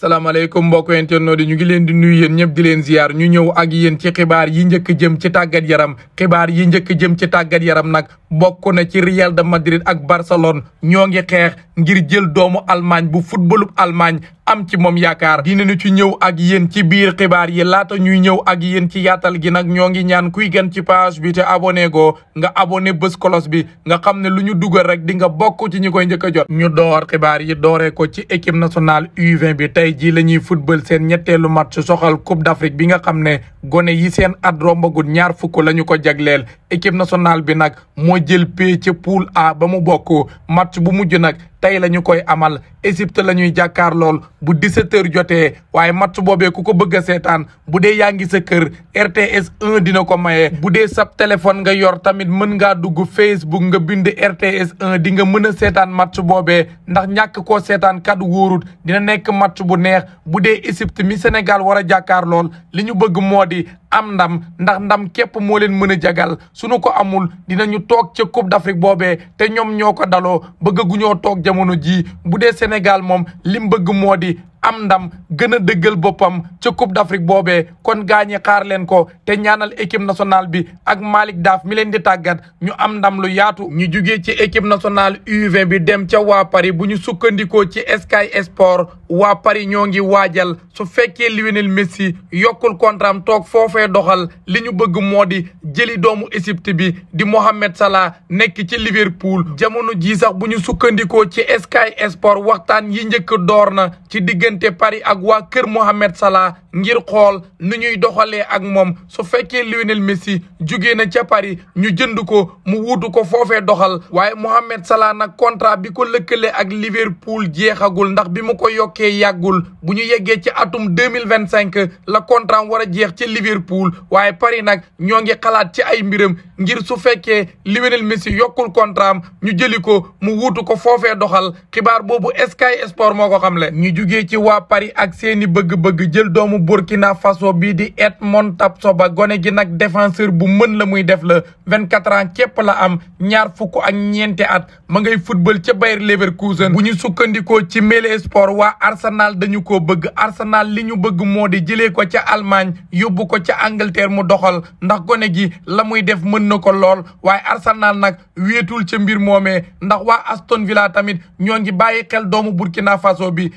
salaamaaleykum mbokk internautes ñu ngi leen di nuyu yéen ñëpp di leen ñu ñëw ak yéen ci xibaar yi njëkk jëm ci tàggat yaram xibaar yi njëkk jëm ci tàggat yaram nag bokk na ci Real de Madrid ak Barcelone ñoo ngi xeex ngir jël doomu Allemagne bu footballub Allemagne am ci moom yaakaar dinañu ci ñëw ak yéen ci biir xibaar yi laata ñuy ñëw ak yéen ci yaatal gi nag ñoo ngi ñaan kuy gan ci page bi te abone goo nga abone bés kolos bi nga xam ne lu ñu dugal rek di nga bokk ci ñu koy njëkk a jot ñu door xibaar yi dooree ko ci équipe nationale u bi tey jii la ñuy football seen ñetteelu match soxal Coupe d'Afrique bi nga xam ne gone yi seen at rombagul ñaar fukk la ñu ko jagleel équipe nationale bi nag moo jël pay ca poule A ba mu bokk match bu mujj nag tey la ñu koy amal Égypte la ñuy jàkkaar lool bu 17h jotee waaye match boobee ku ko bëgg seetaan bu dee yaa ngi sa kër RTS dina ko maye. bu dee sab téléphone nga yor tamit mën ngaa dugg Facebook nga bind RTS 1 di nga mën a seetaan match boobee ndax ñàkk ko seetaan kat wóorut dina nekk match bu neex bu dee Égypte mi Sénégal war a jàkkaar lool li ñu bëgg moo di. am ndam ndax ndam képp moo leen mën a jagal sunu ko amul dinañu toog ca Coupe d'Afrique boobee te ñoom ñoo ko daloo bëgg gu ñoo toog jamono jii bu dee Sénégal moom lim bëgg moo di am dam gën dëggal boppam ca Coupe d'Afrique boobee kon gaañi xaar leen ko te ñaanal équipe nationale bi ak Malick Daaf mi leen di tàggat ñu am ndam lu yaatu ñu jugee ci équipe nationale u bi dem ca wa Paris bu ñu sukkandikoo ci Sky Sport waa Paris ñoo ngi waajal su fekkee Lionel Messi yokkul kontraam toog foofe doxal li ñu bëgg moo di jëli doomu Égypte bi di Mohamed Salah nekk ci Liverpool jamono ji sax bu ñu sukkandikoo ci Sky Sport waxtaan yi njëkk door na diggante Paris ak waa kër Mohamed Salah ngir xool nu ñuy doxalee ak moom su fekkee Lionel Messi jugee na ca Paris ñu jënd ko mu wuutu ko foofee doxal waaye Mohamed Salah nag contrat bi ko lëkkale ak Liverpool jeexagul ndax bi mu ko yokkee yàggul bu ñu yeggee ci atum deux mille vingt cinq la contrat war a jeex ci Liverpool waaye Paris nag ñoo ngi xalaat ci ay mbiram ngir su fekkee Lionel Messi yokkul contrat ñu jëli ko mu wuutu ko foofee doxal xibaar boobu Sky Sport moo ko xamle ñu jugee waa Paris ak seeni bëgg-bëgg jël doomu Burkina Faso bii di Edmond Tapsoba gone gi nag défenseur bu mën la muy def la vingt-quatre ans képp la am ñaar fukk ak ñeenti at ma ngay football ca Bayer Leverkusen bu ñu sukkandikoo ci Mail waa Arsenal dañu ko bëgg Arsenal li ñu bëgg moo di jëlee ko ca Allemagne yóbbu ko ci Angleterre mu doxal ndax gone gi la muy def mën na ko lool waaye Arsenal nag weetul ca mbir moomee ndax waa Aston Villa tamit ñoo ngi bàyyi xel doomu Burkina Faso bi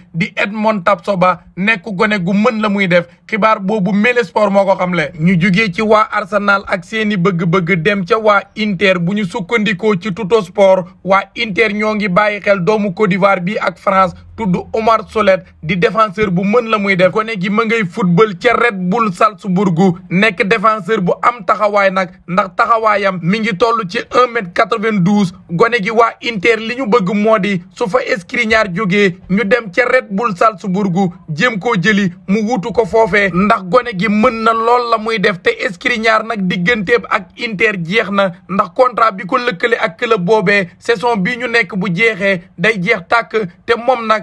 tap soba nekk gone gu mën la muy def xibaar boobu Mele Sport moo ko xam xamle ñu jugee ci waa Arsenal ak seeni bëgg-bëgg dem ca waa Inter bu ñu sukkandikoo ci Tuttosport waa Inter ñoo ngi bàyyi xel doomu Côte d'Ivoire bi ak France tudd Omar Solet di défenseur bu mën la muy def gone gi ma ngay football ca Red Bull Salzburg nekk defenseur bu am taxawaay nag ndax taxawaayam mi ngi toll ci un mètre quatre-vingt-douze gone gi waa Inter li ñu bëgg moo di su fa Skriniar jógee ñu dem ca Red Bull Salzburg jéem koo jëli mu wutu ko foofee ndax gone gi mën na lool la muy def te Skriniar nag digganteeb ak Inter jeex na ndax contrat bi ko lëkkale ak club boobe saison bi ñu nekk bu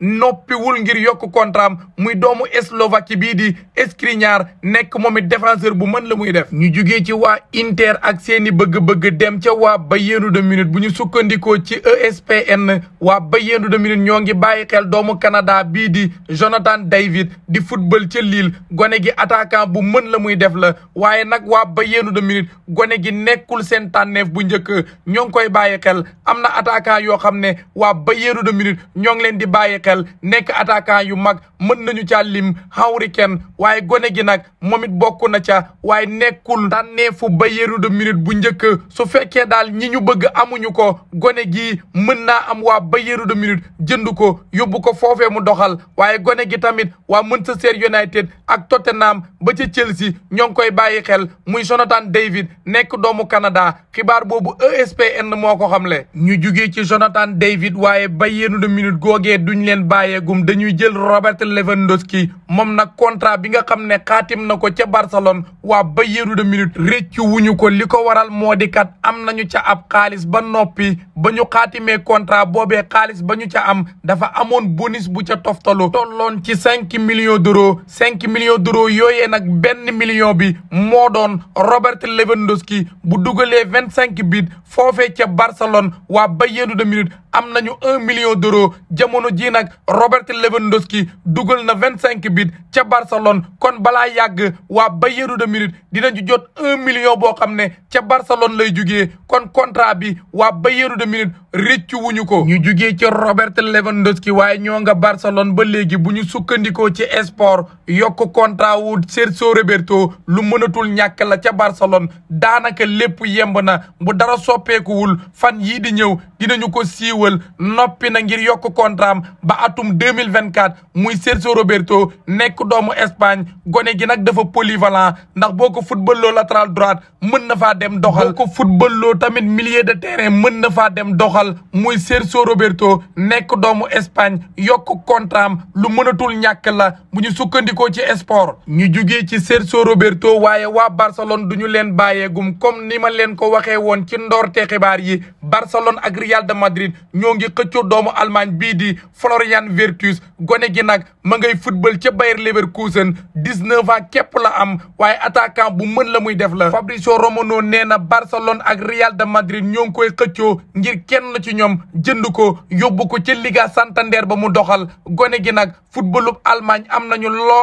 noppiwul ngir yokk contrat am muy doomu Slovaquie bii di Skriniar nekk moom it défenseur bu mën la muy def. ñu jugee ci waa Inter ak seeni bëgg-bëgg dem ca waa Bayern de Munich bu ñu sukkandikoo ci ESPN waa Bayern de Munich ñoo ngi bàyyi xel doomu Canada bii di Jonathan David di football ca liil gone gi attaquant bu mën la muy def la waaye nag waa Bayern de Munich gone gi nekkul seen tànneef bu njëkk ñoo ngi koy bàyyi xel am na attaquant yoo xam ne waa Bayern de Munich ñoo ngi leen di bàyyi xel nekk attaquant yu mag mën nañu caa lim Harry Kane waaye gone gi nag moom it na ca waaye nekkul tànneefu Bayern de Munich bu njëkk su fekkee daal ñi ñu bëgg amuñu ko gone gi mën naa am waa Bayern de Munich jënd ko yóbbu ko foofee mu doxal waaye gone gi tamit wa waa Manchester United ak Tottenham ba ca Chelsea ñoo ngi koy bàyyi xel muy Jonathan David nekk doomu Canada xibaar boobu ESPN moo ko xamle ñu jugee ci Jonathan David waaye Bayern de Munich googee duñ leen leen bàyyeegum dañuy jël Robert Lewandowski moom nag contrat bi nga xam ne xaatim na ko ca Barcelone waa Bayern de Munich réccu wuñu ko li ko waral moo di kat am nañu ca ab xaalis ba noppi ba ñu xaatimee contrat boobee xaalis ba ñu ca am dafa amoon bonus bu ca toftalu tolloon ci cinq millions d'euros cinq millions d'euros yooye nag benn million bi moo doon Robert Lewandowski bu dugalee vingt cinq bit foofee ca Barcelone waa Bayern de Munich am nañu un million d'euros jamono ji nag Robert Lewandowski dugal na vingt cinq bit ca Barcelone kon balaa yàgg waa Bayern de Munich dinañu jot un million boo xam ne ca Barcelone lay jugee kon contrat bi waa Bayern de Munich réccu wuñu ko. ñu jugee ci Robert Lewandowski waaye ñoo nga Barcelone ba léegi bu ñu sukkandikoo ci Esport yokk contrat wu Sergio Roberto lu mënatul ñàkk la ca Barcelone daanaka lépp yemb na bu dara soppeekuwul fan yii di ñëw dinañu ko siwal noppi na ngir yokk contrat am ba atum 2024 muy Sergio Roberto nekk doomu Espagne gone gi nag dafa polyvalent ndax boo ko footballoo latéral droite mën na faa dem doxal boo ko footballoo tamit milieu de terrain mën na faa dem doxal muy Sergio Roberto nekk doomu Espagne yokk contrat am lu mënatul ñàkk la bu ñu sukkandiku ko ci sport ñu jugee ci Sergio Roberto waaye waa Barcelone du ñu leen bàyyeegum comme ni ma leen ko waxee woon ci ndoorte xibaar yi Barcelone ak Real de Madrid ñoo ngi xëccoo doomu Allemagne bii di Florian Wirtz gone gi nag ma ngay football ca Bayer Leverkusen 19 ans képp la am waaye attaquant bu mën la muy def la Fabrizio Romano nee na Barcelone ak Real de Madrid ñoo ngi koy xëccoo ngir kenn ci ñoom jënd ko yóbbu ko ca Liga Santander ba mu doxal gone gi nag footballu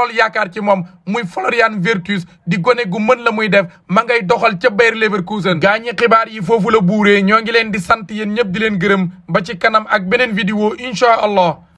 lool yaakaar ci moom muy Florian Wirtz di gone gu mën la muy def ma ngay doxal ca Bayer Leverkusen gaa ñi xibaar yi foofu la buure ñoo ngi leen di sant yéen ñëpp di leen gërëm ba ci kanam ak beneen vidéo incha allah